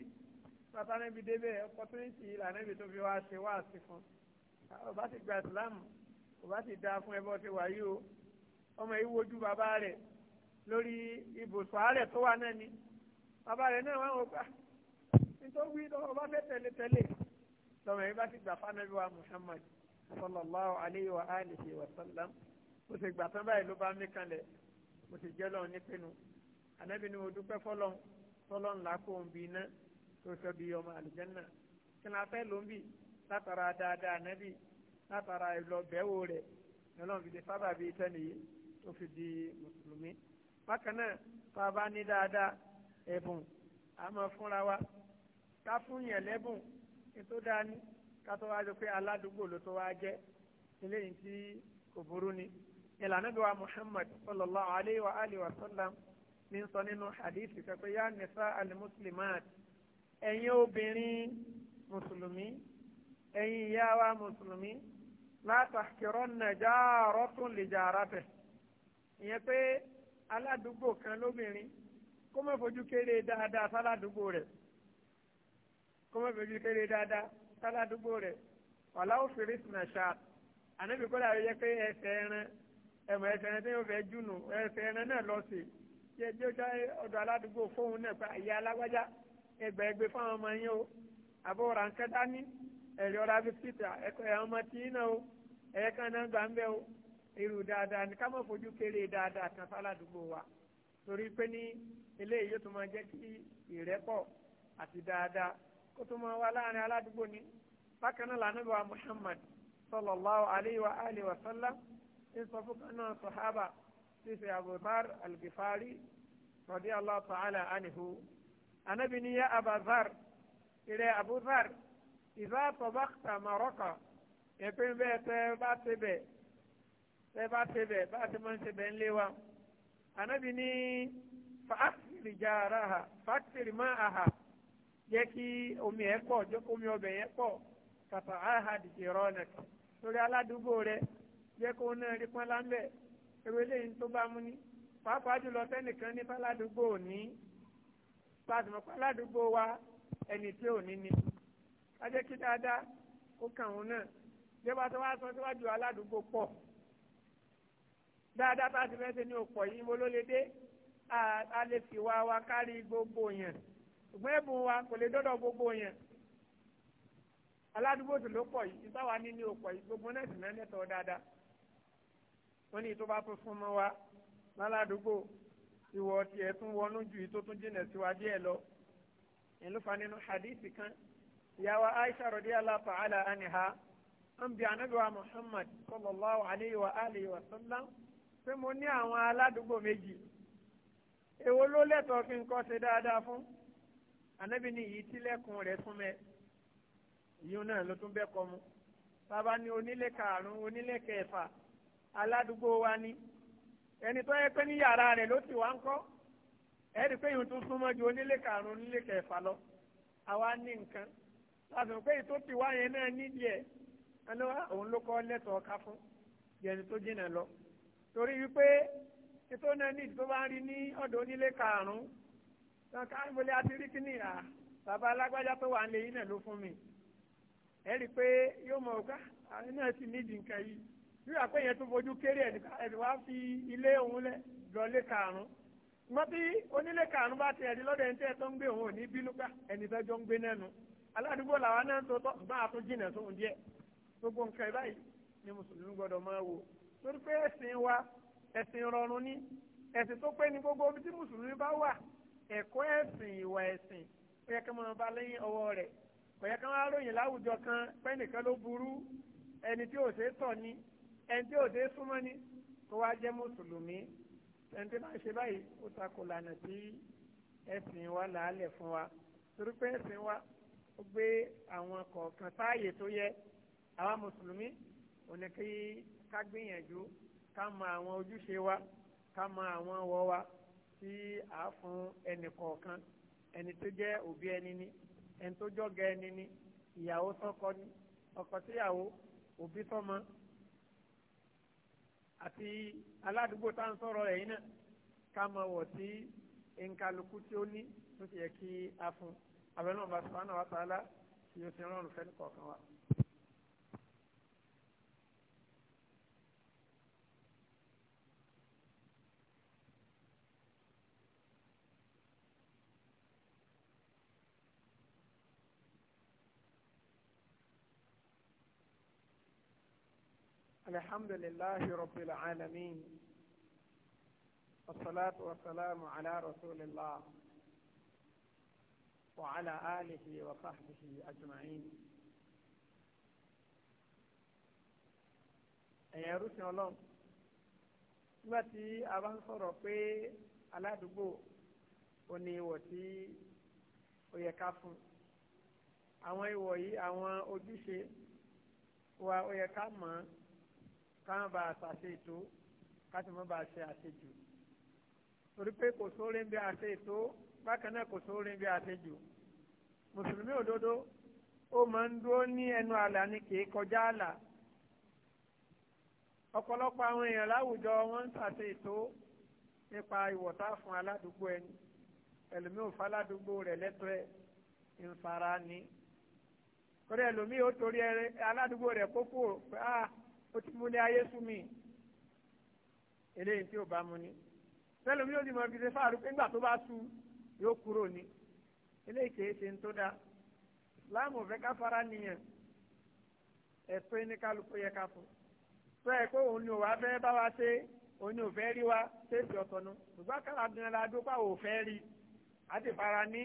bàtà ànábì débẹ̀ opportunity yìí lànábì tó fi wá ṣe wá sí fún ọ bá ti gba ìsìlámù ọ bá ti da fún ẹ bọ́ ti wà yìí o ọmọ yìí wojú bàbá rẹ̀ lórí ibùsùn àárẹ̀ tó wà náà ni bàbá rẹ̀ náà wà wọ́n gbà nítorí ọ bá fẹ́ tẹ̀lé tẹ̀lé lọ́mọ yìí bá ti gbà fún ànábì wa Muhammad sallallahu alayhi wa alihi wa sallam mo ti gbà tán báyìí ló bá mí kanlẹ̀ mo ti jẹ́ lọ́wọ́ nípinnu ànábì ni mo dúpẹ́ fọ́lọ́hún tọ́lọ́ ńlá kó ń bi iná tó sọ di ọmọ àlùjànnà kí ni a fẹ́ ló ń bì látara dáadáa nábì látara ìlọbẹ̀wò rẹ̀ lọ́lọ́run fi di sábà bíi tẹ́lẹ̀ yìí tó fi di mùsùlùmí. bákan náà tá a bá ní dáadáa ẹ̀bùn a máa fúnra wa ká fún yẹn lẹ́bùn ètò dání ká tó wá lọ aládùúgbò ló tó wá jẹ́ eléyìí tí kò burú ni. ìlànà bí wa Muhammad sallallahu alayhi wa alihi wa sallam ní sọ nínú hadithi pẹpẹ yá nisa alimuslimat ẹ̀yin obìnrin mùsùlùmí ẹ̀yin ìyá wa mùsùlùmí látàkìrọ nàjà rọtún lìjà arábẹ ìyẹn pé aládùúgbò kan lóbìnrin kó má fojú kéré dáadáa sáládùúgbò rẹ kó má fojú kéré dáadáa sáládùúgbò rẹ wàlá òfìrí sinasa ànábìkọ́lá yẹ pé ẹsẹ̀ ẹran ẹ̀mọ̀ ẹsẹ̀ ẹran tí yóò fẹ́ jùnù ẹsẹ̀ ẹran náà lọ sí i jẹ́ jẹ́ ọjọ́ ọ̀dọ̀ aládùúgbò fóun náà pé àyè alágbájá ẹgbẹ́ ẹgbẹ́ fáwọn ọmọ yín o àbọ̀ ọ̀rà ń kẹ́dá ní ẹ̀rí ọ̀rá bisikíìtì ọmọ tí ń náà o ẹ̀yẹ kan náà gbà ń bẹ́ o irú dáadáa ní ká má fojú kéré dáadáa kan fáládùúgbò wa torí pé ní eléyìí yóò tún máa jẹ́ kí ìrẹ́pọ̀ àti dáadáa kó tún máa wá láàrin aládùúgbò ní bákan náà lànà bá Muhammad sallallahu alayhi wa alihi wa sallam ń sọ fún kan náà sọ̀hábà sísè abudar algifari radiyallahu ta'ala anhu anabi ni ya abazar ilẹ̀ abudar ìzá tọ́bàkítà marọ́kà ẹ̀pẹ́ bẹ́ẹ̀ tẹ́ bá ti bẹ̀ tẹ́ bá ti bẹ̀ bá ti máa ń ṣe bẹ́ẹ̀ ń lé wa anabi ni fàákìrì jaara ha fàákìrì má a ha jẹ́ kí ewé lẹ́yìn tó bá mú ni pàápàá jùlọ sẹ́nìkan ní fàládùúgbò òní pàtùmọ̀ fàládùúgbò wa ẹni tí òní ni kájẹ́ kí dáadáa kó kàn òun náà bí wọ́n ti wá sọ síwájú aládùúgbò pọ̀ dáadáa bá ti fẹ́ ṣe ní òpọ̀ yìí mo ló lè dé a lè fi wa wa kárí gbogbo yẹn ṣùgbọ́n ẹ̀bùn wa kò lè dọ́dọ̀ gbogbo yẹn aládùúgbò tó ló pọ̀ yìí ìtawà ní ní òpọ̀ yìí gbogbo náà sì náà nẹ́tọ̀ọ́ dáadáa ó ní ìtọ́ bá tún súnmọ́ wa láládùúgbò ìwọ tiẹ̀ tún wọnú ju ìtọ́ tún jìnà sí wa díẹ̀ lọ ìlúfa nínú hadithi kan ìyàwó Aisha radiyallahu ta'ala anha ń bi anabiwa Muhammad sallallahu alayhi wa alihi wa sallam pé mo ní àwọn aládùúgbò méjì èwo ló lẹ́tọ̀ọ́ kí n kọ́ ṣe dáadáa fún anabi ní yìí tilẹ̀kùn rẹ̀ fún mẹ́ yìí náà ló tún bẹ́ kọ́ mu bàbá ní onílé karùn-ún onílé kẹfà aládùúgbò wa ni ẹni tó yẹ pé ní yàrá rẹ̀ ló ti wá ń kọ́ ẹ̀rí pé ìhun tó súnmọ́ ju onílé karùn-ún onílé kẹfà lọ àwa ní nǹkan lásìkò pé ètò ti wá yẹn náà nídìí ẹ̀ òun ló kọ́ lẹ́tọ̀ọ́ ká fún jẹni tó jìnà lọ torí wípé ètò náà nídìí tó bá ń rí ní ọ̀dọ̀ onílé karùn-ún ìwọlé atiríkì ní ìhà bàbá alágbájá tó wà ń lè yín náà ló fún mi ẹ̀rí pé yóò mọ̀ ọ́ká àwọn náà sì nídìí nǹkan yìí yíyá pé yẹn tún fojú kéré ẹni wá fi ilé òun lẹ lọlé karùnún mọ bí onílé karùnún bá tiẹ̀ di lọ́dọ̀ ẹni tẹ́ ẹ tó ń gbé òun ò ní bínú ká ẹni fẹ́ jọ ń gbé nẹ́nu aládùúgbò làwa náà tó tọ́ bá a tún jìnà sóhun díẹ̀ gbogbo nǹkan báyìí ni mùsùlùmí gbọdọ̀ máa wò torí pé ẹ̀sìn wa ẹ̀sìn rọrùn ni ẹ̀sìn tó pé ni gbogbo omi tí mùsùlùmí bá wà ẹ̀kọ́ ẹ̀sìn ìwà ẹ̀sìn ó yẹ máa bá lẹ́yìn ọwọ́ rẹ̀ kò yẹ máa ròyìn láwùjọ kan pé nìkan ló burú ẹni tí ò ṣeé tọ̀ ni ẹni tí òde súnmọ́ ni tó wá jẹ́ mùsùlùmí ẹni tí máa ṣe báyìí ó takò lànà tí ẹ̀sìn wa làálẹ̀ fún wa torí pé ẹ̀sìn wa ó gbé àwọn kọ̀ọ̀kan sáàyè tó yẹ àwa mùsùlùmí òní kí ká gbìyànjú ká mọ àwọn ojúṣe wa ká mọ àwọn ọwọ́ wa tí a fún ẹnì kọ̀ọ̀kan ẹni tó jẹ́ òbí ẹni ní ẹni tó jọ́gẹ ẹni ní ìyàwó sọ́kọ ní ọkọ tíyàwó òbí sọ́mọ àti aládùúgbò tá à ń sọ̀rọ̀ ẹ̀yìn náà ká mọ wọ̀ sí nkálukú tí ó ní tó ti yẹ kí a fún abẹ́nú ọba sùpánà wa tààlà tí yóò ti rọrùn fẹ́ni kọ̀ọ̀kan wa. الحمد لله رب العالمين والصلاة والسلام على رسول الله وعلى آله وصحبه أجمعين ẹ̀yẹ rúṣin ọlọ́run nígbà tí a bá ń sọ̀rọ̀ pé aládùúgbò ò ní ìwọ̀ tí ó yẹ ká fún àwọn ìwọ̀ yìí àwọn ojúṣe wa ó yẹ ká mọ̀ káwọn bá ṣàṣe ètò káti mọ́ bá ṣe àṣejù torí pé kò sóore ń bí àṣe ètò bákan náà kò sóore ń bí àṣejù mùsùlùmí òdodo ó máa ń dúró ní ẹnu àlà ni kì í kọjá àlà ọ̀pọ̀lọpọ̀ àwọn èèyàn láwùjọ wọn ń ṣàṣe ètò nípa ìwọ̀ta fún aládùúgbò ẹni ẹlòmíì ò faládùúgbò rẹ̀ lẹ́tọ́ ẹ̀ ń ni kọ́dọ̀ ẹlòmíì ó torí aládùúgbò rẹ̀ kókó ah ó ti múlé ayé sú mi eléyìí tí ò bá mu ni sẹlẹmi yóò di mọ ibi tí fáàrù pé ńgbà tó bá sú yóò kúrò ni eléyìí kìí ṣe ń tó dáa láàmú ọ̀fẹ́ ká fara nìyẹn ẹ̀tọ́ ẹni kálukú yẹ ká fún tó ẹ̀ pé òun ni òwà fẹ́ bá wa ṣe òun ni òfẹ́ rí wa ṣéèṣì ọ̀tọ̀ nu ṣùgbọ́n kára dùn la dúpọ̀ àwọn òfẹ́ rí àti fara ní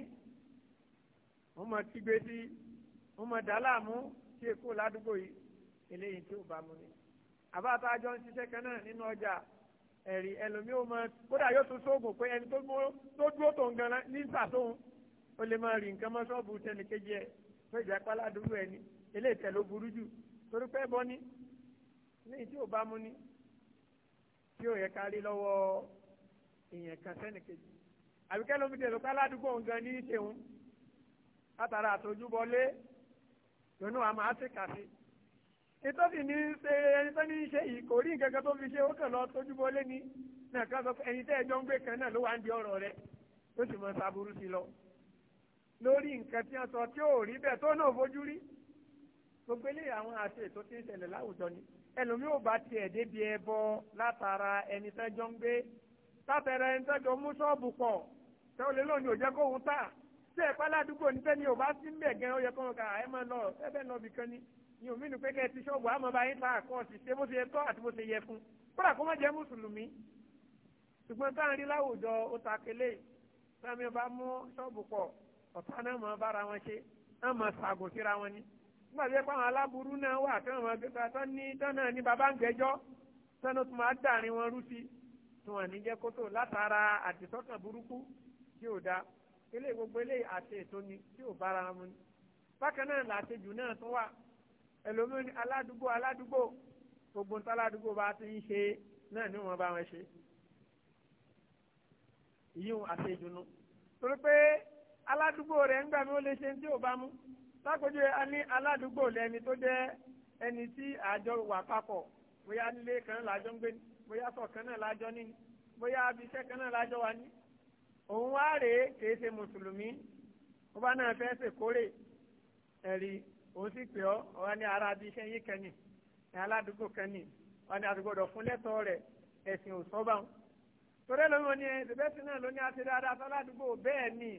wọ́n mọ̀ tígbé sí wọ́n mọ̀ dá láàmú tí èkó ládùúgbò yìí eléyìí tí ò bá mu ni àbáta àjọ ń ṣiṣẹ́ kan náà nínú ọjà ẹ̀rí ẹlòmíì ó máa kódà yóò tún sóògùn pé ẹni tó dúró tó ń gan ní sàtóhun ó lè máa rí nǹkan mọ́ ṣọ́ọ̀bù tẹnìkejì ẹ̀ fún ìjà páládùúgbò ẹni eléyìí tẹ̀ ló burú jù torí pé bọ́ ní lẹ́yìn tí ò bá mú ní tí ò yẹ ká lọ́wọ́ èèyàn kan sẹ́nìkejì àbíkẹ́ ló fi dèrò páládùúgbò ń gan ní ìṣeun látara àtòjúbọlé lónìí wàá máa ṣèkà sí i ìtọ́sí ní ṣe ẹni tó ní ṣe ìkórí nǹkan tó fi ṣe ó kàn lọ tójú bọ́lé ni náà ká sọ ẹni tẹ́ ẹjọ́ ń gbé kan náà ló wá ń di ọ̀rọ̀ rẹ tó sì mọ sábúrú sí lọ lórí nǹkan tí wọ́n sọ tí ò rí bẹ́ẹ̀ tó náà fojú rí gbogbo eléyìí àwọn àṣẹ tó ti ń ṣẹlẹ̀ láwùjọ ni ẹlòmíì ò bá tiẹ̀ débi ẹbọ látara ẹni tẹ́jọ́ ń gbé látara ẹni tẹ́jọ́ mú ṣọ́ọ̀bù pọ̀ tẹ́ ò lè lónìí ni ni omi nu pé kẹ́ ẹ ti ṣọ́ọ̀bù àmọ́ bá yín ta àkọ́ọ̀sì ṣé bó ṣe yẹ tọ́ àti bó ṣe yẹ fún kódà kó má jẹ́ mùsùlùmí ṣùgbọ́n táwọn rí láwùjọ ó ta kélé sami bá mú ṣọ́ọ̀bù pọ̀ ọ̀tá náà mọ̀ bára wọn ṣe náà mọ̀ ṣàgò síra wọn ni nígbà tó yẹ pé àwọn aláburú náà wà tí wọn gbégbá tán ní tán náà ní bàbá ń gbẹ́jọ́ tán ló bákan náà làṣejù náà tún wà ẹlòmíràn ní aládùúgbò aládùúgbò gbogbo ń táládùúgbò bá ti ń ṣe náà ni wọ́n bá wọn ṣe ìyíhun àṣejùnú torí pé aládùúgbò rẹ̀ ń gbà mí ó lè ṣe tí ò bá mú lákòjú a ní aládùúgbò lẹ́ni tó jẹ́ ẹni tí àjọ wà papọ̀ bóyá nílé kan náà lájọ ń gbé ni bóyá sọ̀ kan náà lájọ ní ni bóyá abiṣẹ́ kan náà lájọ wà ní òun wá rèé kèé ṣe mùsùlùmí ó bá náà fẹ́ ṣèkórè ẹ̀rí ó sì pè ọ́ ọ̀rọ̀ ní ara bíi iṣẹ́ yín kẹ́ni ní aládùúgbò kẹ́ni wọ́n ni àdúgbòdò fún lẹ́tọ̀ọ́ rẹ̀ ẹ̀sìn ò sọ́bà ń. torí wọn ni ìbẹ́sìn náà ló àti dáadáa sọ ládùúgbò bẹ́ẹ̀ ni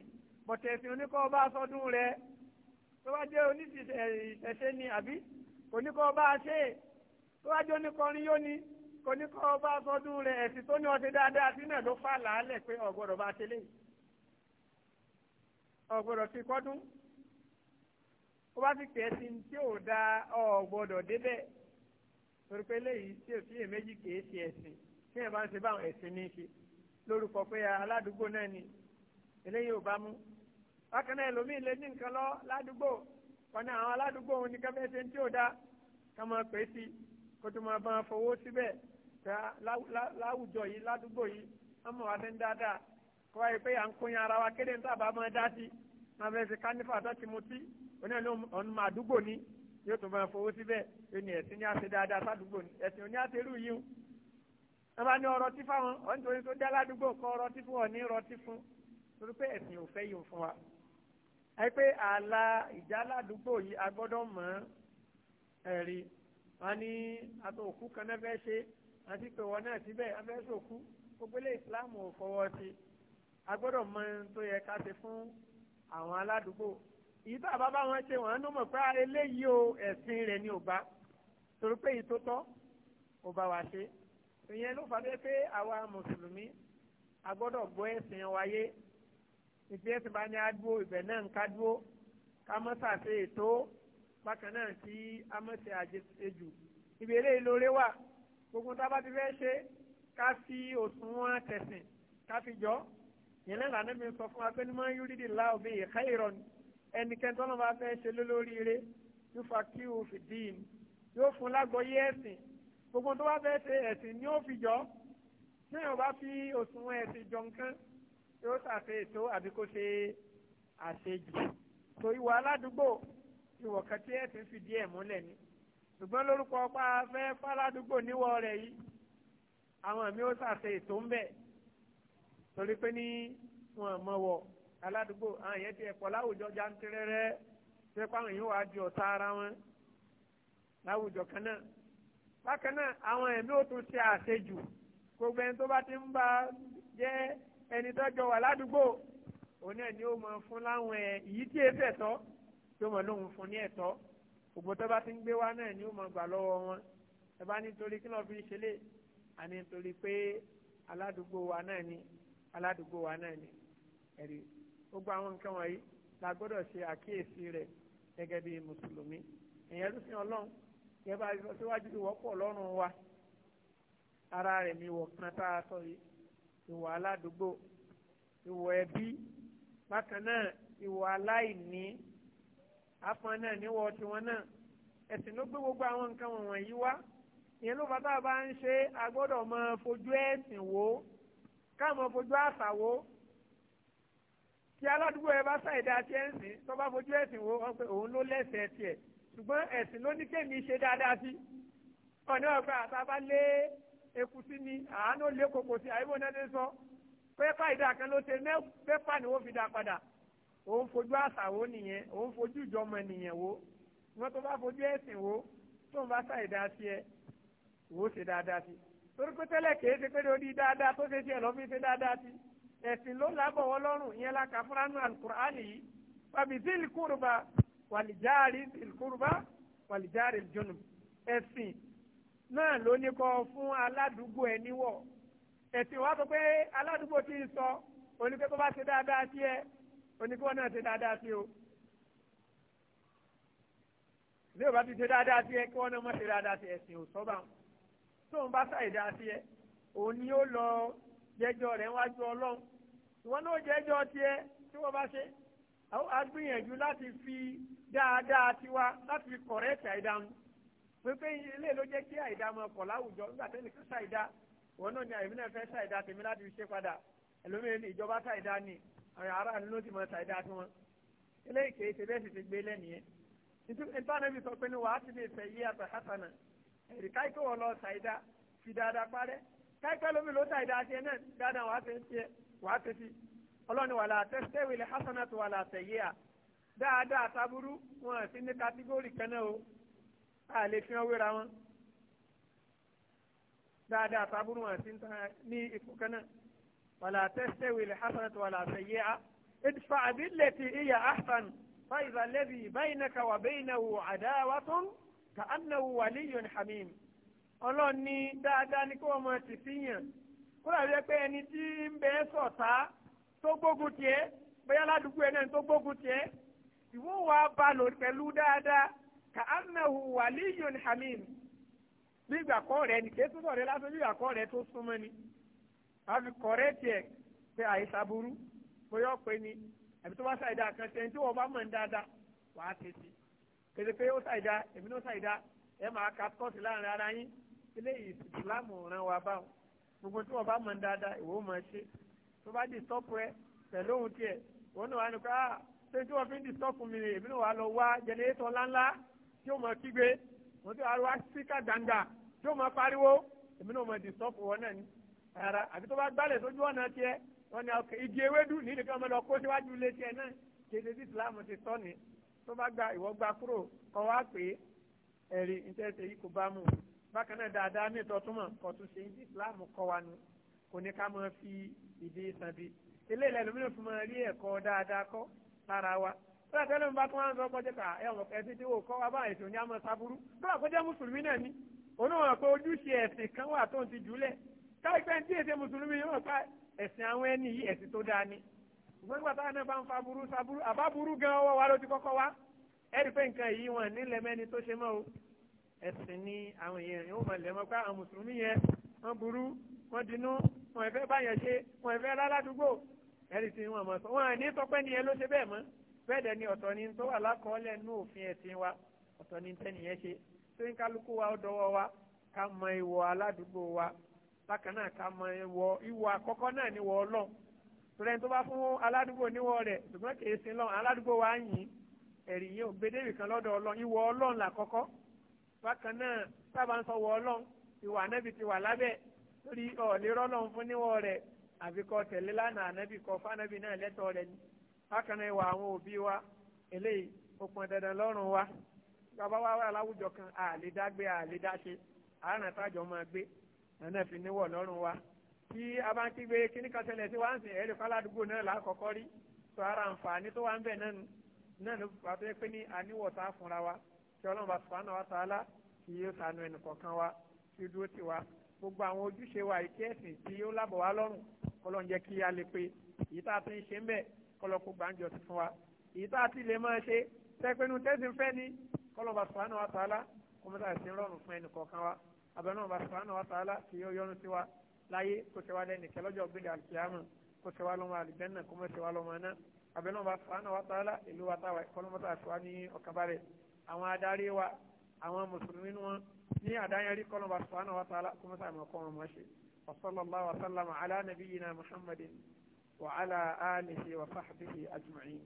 bọ̀tẹ̀ ẹ̀sìn oníkọ́ ọba sọdún rẹ̀ tó bá jẹ́ oníṣẹ̀ṣẹ̀ ni àbí oníkọ́ ọba ṣe tó bá jẹ́ oníkọrin yóò ní oníkọ́ ọba sọdún rẹ̀ ẹ̀sìn tó ní ọtí dáadáa sí náà ló fà láálẹ̀ pé ọ̀gbọ́dọ̀ bá ó bá ti pè é sí tí ò da ọ gbọ́dọ̀ débẹ̀ torí pé léyìí tí òsì èméjì kìí ṣe ẹ̀sìn tí ẹ bá ń ṣe báwọn ẹ̀sìn ní í ṣe lórúkọ pé aládùúgbò náà ni eléyìí ò bá mú bákan náà ẹlòmíì lè ní nǹkan lọ ládùúgbò wọn ni àwọn aládùúgbò òun ní kẹfẹ ṣe tí ò da ká máa pè é sí kó tó máa bá fowó síbẹ̀ láwùjọ yìí ládùúgbò yìí wọn mọ̀ wá fẹ́ ń dáadáa kó wáyé pé à ń kóyan ara wa kéde ní tábà máa dá sí máa fẹ́ ṣe kánífà tó ti mutí oní ọ̀nà àdúgbò ni yóò tún máa fowó síbẹ̀ ẹni ẹ̀sìn ní àṣẹ dáadáa sádùúgbò ni ẹ̀sìn òní àṣẹrù yìí wọn bá ní ọ̀rọ̀ tí fáwọn ọ̀n nítorí tó dá ládùúgbò kọ ọ̀rọ̀ tí fún ọ̀ní ọ̀rọ̀ tí fún torí pé ẹ̀sìn ò fẹ́ yìí fún wa àyè pé ààlà ìjà ládùúgbò yìí a mọ̀ ẹ̀rí wọn ní àtò òkú kan náà fẹ́ ṣe àti pé wọn náà síbẹ̀ wọn èyí tó àbá bá wọn ṣe wọn ló mọ̀ pé ah, eléyìí o ẹ̀sìn rẹ̀ ni ò bá torí pé èyí ò bá wa ṣe ìyẹn ló fà dé pé àwa mùsùlùmí a gbọ́dọ̀ gbọ́ ẹ̀sìn wáyé ìfi ẹ̀sìn bá ní adúó ibẹ̀ náà ń ká dúó ká mọ́ sàṣe ètò bákan náà tí a mọ̀ ṣe àjẹjù ibi ìlóore wà gbogbo tá a bá ti fẹ́ ṣe ká fi òṣùwọ̀n tẹ̀sìn ká fi jọ́ ìyẹn náà lànà mi sọ fún wa pé ní mọ́ yúrídìí láòbí ìkáyìrọ̀ ni ẹnikẹ́ni tọ́nà bá fẹ́ ṣe lólóríire yóò fa kí o fi dín yóò fún lágbọ́yé ẹ̀sìn gbogbo tó bá fẹ́ ṣe ẹ̀sìn ni ó fi jọ tí èèyàn bá fi òṣùwọ̀n ẹ̀sìn jọ nǹkan yóò ṣàṣe ètò àbí kó ṣe àṣejù tó ìwà aládùúgbò ìwọ kan tí ẹ̀sìn fi díẹ̀ múlẹ̀ ni ṣùgbọ́n lórúkọ ọpá fẹ́ fàládùúgbò níwọ̀ rẹ̀ yìí àwọn mi ó ṣàṣe ètò ń torí pé ní wọn mọ̀ wọ̀ aládùúgbò àwọn yẹn ti ẹ̀pọ̀ láwùjọ jantirẹ́rẹ́ ṣé pé àwọn yìí wàá di ọ̀tá ara wọn láwùjọ kan náà bákan náà àwọn ẹ̀mí ò tún ṣe àṣejù gbogbo ẹni tó bá ti ń bá jẹ́ ẹni tọ́jọ wà ládùúgbò òun náà ni ó mọ fún láwọn ẹ̀ yìí tí èsì ẹ̀tọ́ tó mọ̀ lóhun fún ní ẹ̀tọ́ gbogbo tó bá ti ń gbé wá náà ni ó mọ gbà lọ́wọ́ wọn ẹ bá nítorí kí lọ́ọ́ fi ṣe lé àní nítorí pé aládùúgbò wa náà ni aládùúgbò wa náà ni ẹ̀rí gbogbo àwọn nǹkan wọ̀nyí la gbọ́dọ̀ ṣe àkíyèsí rẹ̀ gẹ́gẹ́ bí mùsùlùmí èèyàn tó fi hàn lọ́hùn yẹ bá yọ síwájú ìwọ́pọ̀ lọ́rùn wa ara rẹ̀ mi wọ̀ kan tá a sọ yìí ìwà aládùúgbò ìwà ẹbí bákan náà ìwà aláìní afọn náà níwọ̀ tiwọn náà ẹ̀sìn ló gbé gbogbo àwọn nǹkan wọ̀nyí wá ìyẹn ló fàtà bá ń ṣe a máa fojú ẹ̀sìn wò ká máa fojú àṣà wò tí aládùúgbò ẹ bá ṣàìdá tí ẹ ń sìn tó bá fojú ẹ̀sìn wo wọn pé òun ló lẹ́sẹ̀ tiẹ̀ ṣùgbọ́n ẹ̀sìn ló ní kémi ṣe dáadáa sí ọ̀nà ọ̀gbà àtàbá lé eku sí ni àánú lé koko sí àyíwò náà ti sọ pépà ìdá kan ló ṣe pépà ni wọ́n fi dá padà òun fojú àṣà wo nìyẹn òun fojú ìjọmọ nìyẹn wo wọn tó bá fojú ẹ̀sìn wo tó ń bá ṣàìdá tiẹ̀ wò ó ṣe dáadáa sí torí pé tẹ́lẹ̀ kèé ṣe pé lórí dáadáa tó ṣe tiẹ̀ lọ́ fi ṣe ẹ̀sìn ló lábọ̀ wọ́n lọ́rùn ìyẹn la kà fúnra nù alukur'an yìí pàbí zil kúrúba wàlìjáàrí zil kúrúba wàlìjáàrí junub ẹ̀sìn náà ló ní kọ́ fún aládùúgbò ẹ níwọ̀ ẹ̀sìn wa sọ pé aládùúgbò ti ń sọ oníkẹ́ tó bá ṣe dáadáa sí ẹ oníkẹ́ wọn náà ṣe dáadáa sí o bí o bá ti ṣe dáadáa sí ẹ kí wọn náà má ṣe dáadáa sí ẹ̀sìn ò sọ́ba tóun bá ṣàìdá sí ẹ òun ni ó lọ jẹ́jọ́ rẹ̀ wájú ọlọ́run ìwọ náà jẹ́ ẹjọ́ tiẹ̀ tí wọ́n bá ṣe a gbìyànjú láti fi dáadáa tiwa láti fi kọ̀rẹ́ẹ̀tì àìdáhùn pépé ilé ló jẹ́ kí àìdá máa pọ̀ láwùjọ nígbà tẹ́lẹ̀ kan ṣàìdá wọn náà ni àìmínà fẹ́ ṣàìdá tèmi láti fi ṣe padà ẹlòmíràn ní ìjọba ṣàìdá ni àwọn ará ni ló ti máa ṣàìdá tí wọn eléyìí kèé ṣe bẹ́ẹ̀ sì ti gbé lẹ́nìyẹn nítorí sọ pé ní wàá ti lè fẹ́ yí àtọ̀ hasana èrì káìkó wọn lọ ṣàìdá fi dáadáa parẹ́ káìkó lómi ló ṣàìdá tiẹ̀ náà dáadáa wàá ṣe ń tiẹ̀ wàá tẹ́tí ọlọ́ni wàlá tẹ́sítẹ́wì lè hasanatu wàlá tẹ̀yẹ́ à dáadáa taburú wọn àti ní kátígórì kan náà o a lè fi hàn wéra wọn dáadáa taburú wọn àti ní ipò kan wàlá tẹ́sítẹ́wì lè hasanatu wàlá tẹ̀yẹ́ à idfa abileti iya ahsan faiza lẹ́bi bainaka wa bainahu adawatun ka annahu waliyun hamim ọlọ́ni dáadáa ni kí wọ́n ti fi yàn kódà ló yẹ pé ẹni tí ń bẹ sọ̀tá tó gbógun tiẹ̀ bóyá ládùúgbò ẹni tó gbógun tiẹ̀ ìwọ wa bá lò pẹ̀lú dáadáa ka annahu waliyun hamim bí ìgbà kọ́ rẹ̀ ní kí ètò sọ̀rọ̀ lásán bí ìgbà kọ́ rẹ̀ tó súnmọ́ ni àfi kọ̀rẹ́ tiẹ̀ pé àyíṣà burú bóyá ọ̀pẹ ni àbí tó bá ṣàìdá kan ṣe ẹni tí wọ́n bá mọ̀ ní dáadáa wàá tètè kéde pé ó ṣàìdá èmi ló ṣàìdá ẹ máa ka kọ́ọ̀sì láàrin ara yín eléyìí ìsìlámù ràn wá báwọn gbogbo tí wọ́n bá mọ̀ dáadáa ìwọ mọ̀ ṣe tó bá di sọ́pù ẹ pẹ̀lú ohun tiẹ̀ wọ́n náà wà ní ká ah, ṣé tí wọ́n fi ń di sọ́pù mi èmi náà wà lọ wá jẹnẹrétọ̀ ńláńlá tí ó mọ̀ kígbe wọ́n ti wà lọ wá síkà gbangba tí ó mọ̀ pariwo èmi náà mọ̀ di sọ́pù wọn náà ni ara àbí tó bá gbálẹ̀ sójú ọ̀nà tiẹ̀ wọ́n ní ọkẹ́ igi ewédú nìkan mọ́ lọ kó síwájú ilé tiẹ̀ náà kéde tí Islam ti tọ́ ni tó bá gba ìwọ gba kúrò kọ́ wá pé ẹ̀rí ní tẹ́sẹ̀ yìí kò bá mú un bákan náà dáadáa ní ìtọ́túmọ̀ kọ̀tún ṣe ní islam kọ́ wa nu kò ní ká máa fi ìdí san bí eléyìí lẹ́nu mìíràn fún máa rí ẹ̀kọ́ dáadáa kọ́ lára wa lọ́dà tẹ́lẹ̀ mi bá tún wá ń sọ pé ká ẹ̀wọ̀n ẹ̀sìn tí wò kọ́ wa báyìí tó ní àmọ́ sábúrú lọ́dà kó jẹ́ mùsùlùmí náà ni oníwọ̀n pé ojúṣe ẹ̀sìn kan wà tó ń ti jùlẹ̀ káìpẹ́ wa ló ti kọ́kọ́ wá ẹ̀rí pé nǹkan yìí wọn nílẹ̀ mẹ́ni tó ṣe mọ́ o ẹ̀sìn ni àwọn èèyàn yóò máa lẹ̀ mọ́ pé àwọn mùsùlùmí yẹn wọ́n burú wọ́n dinú wọ́n ẹ̀fẹ́ báyẹn ṣe wọ́n ẹ̀fẹ́ láládùúgbò ẹ̀rí tí wọ́n mọ̀ sọ wọ́n àní tọ́pẹ́ ni ẹ ló ṣe bẹ́ẹ̀ mọ́ bẹ́ẹ̀ dẹ̀ ni ọ̀tọ̀ ni tó wà lákọọ́lẹ̀ nú òfin ẹ̀sìn wa ọ̀tọ̀ ni tẹ́nìyẹn ṣe tó ń kálukú wa ó dọwọ́ wa ká mọ ìwọ aládùúgbò wa bákan náà ká mọ ìwọ ìwọ àkọ́kọ́ náà ni wọ ọlọ́n tòlẹ́ni tó bá fún aládùúgbò níwọ rẹ̀ ṣùgbọ́n kì í sin lọ́n aládùúgbò wa yìn ẹ̀rí yìí ò gbé débì kan lọ́dọ̀ ọlọ́n ìwọ ọlọ́n bákan náà sábà ń sọ̀wọ́ ọlọ́run ìwà ànábì ti wà lábẹ́ lórí ọ̀lẹ́ rọ́lọ́run fún níwọ̀ rẹ̀ àbíkọ́ tẹ̀lé lánàá ànábì kọ́ fánábì náà lẹ́tọ̀ọ́ rẹ̀ ni bákan náà ìwà àwọn òbí wa eléyìí ó pọn dandan lọ́rùn wa bàbá wa wà láwùjọ kan àlédágbé àlédáṣe àárẹ̀ tájọ máa gbé nànà fi níwọ̀ lọ́rùn wa tí a bá ń kígbe kíní kan ṣẹlẹ̀ sí wa ń sìn ẹ̀rí kọ́ládùúgbò náà lákọ̀ọ́kọ́ rí sọ ara àǹfààní tó wà kí ọlọ́run bá subhanahu wa ta'ala kí yóò ṣàánú ẹnì kọ̀ọ̀kan wa kí ó dúró tì wá gbogbo àwọn ojúṣe wa ìkí ẹ̀sìn tí ó lábọ̀ wá lọ́rùn kọlọ́n jẹ́ kí a lè pe èyí tá a ti ń ṣe ń bẹ̀ kọlọ́ kó gbàǹjọ sí fún wa èyí tá a ti lè máa ṣe tẹ́pẹ́nu tẹ́sìn fẹ́ ni kọlọ́n bá subhanahu wa ta'ala kó mọ́tà ẹ̀sìn rọrùn fún ẹnì kọ̀ọ̀kan wa abẹ́nú náà bá subhanahu wa wa táwa kọ́lọ́mọ́tà àṣewá ní àwọn adarí wa àwọn mùsùlùmí wọn ní àdáyẹrí kọlọmọ subhanahu wa ta'ala kó mọ́sá àmọ́ kọ́run mọ́ ṣe wa sallallahu wa sallama ala nabiyyina muhammadin wa ala alihi wa sahbihi ajma'in.